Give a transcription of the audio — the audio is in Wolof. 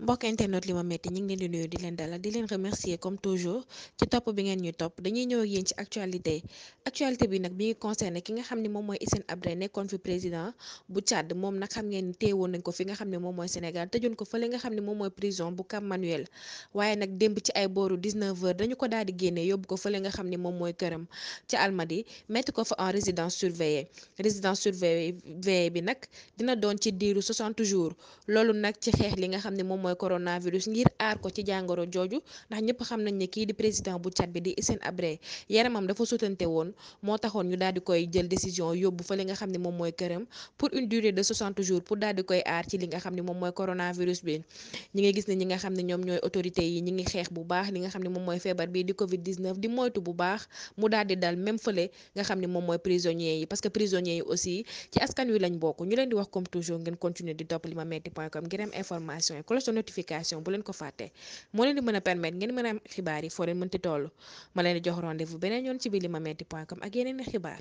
mbokk internet Limametti ñu ngi leen nuyu di leen dalal di leen remercier comme toujours ci topp bi ngeen ñuy topp dañuy ñëw ak ci actualité actualité bi nag bi ngi concerné ki nga xam ni moom mooy Hissène Habré nekkoon fi président bu Tchad ko fi nga xam ne moom mooy Sénégal tëjoon ko fële nga xam ne moom mooy prison bu Cap Manuel waaye nag démb ci ay booru 19 dañu ko daal di génnee yóbbu ko fële nga xam ne moom mooy këram ci Almadi mettre ko fa en résidence surveillée résidence surveillée bi nag dina doon ci diiru 60 jours loolu nag ci xeex li nga mooy coronavirus ngir aar ko ci jàngoro jooju ndax ñëpp xam nañ ne kii di président bu Tchad bi di Hissène Habré yaramam dafa sutante woon moo taxoon ñu daal di koy jël décision yóbbu fa li nga xam ne moom mooy këram pour une durée de moom mooy coronavirus bi ñi nga gis ne ñi nga xam ne ñoom ñooy autorité yi ñi ngi xeex bu baax li nga xam ne moom mooy feebar bi di covid 19 di moytu bu baax mu daal dal même fële nga xam ne moom mooy prisonniers yi parce que yi aussi ci askan wi lañ sa notification bu leen ko fàtte moo leen di mën a permettre ngeen mën a xibaar yi foo leen mënti toll ma leen di jox rendez-vous beneen yoon ci biir limametti point com ak yeneen i xibaar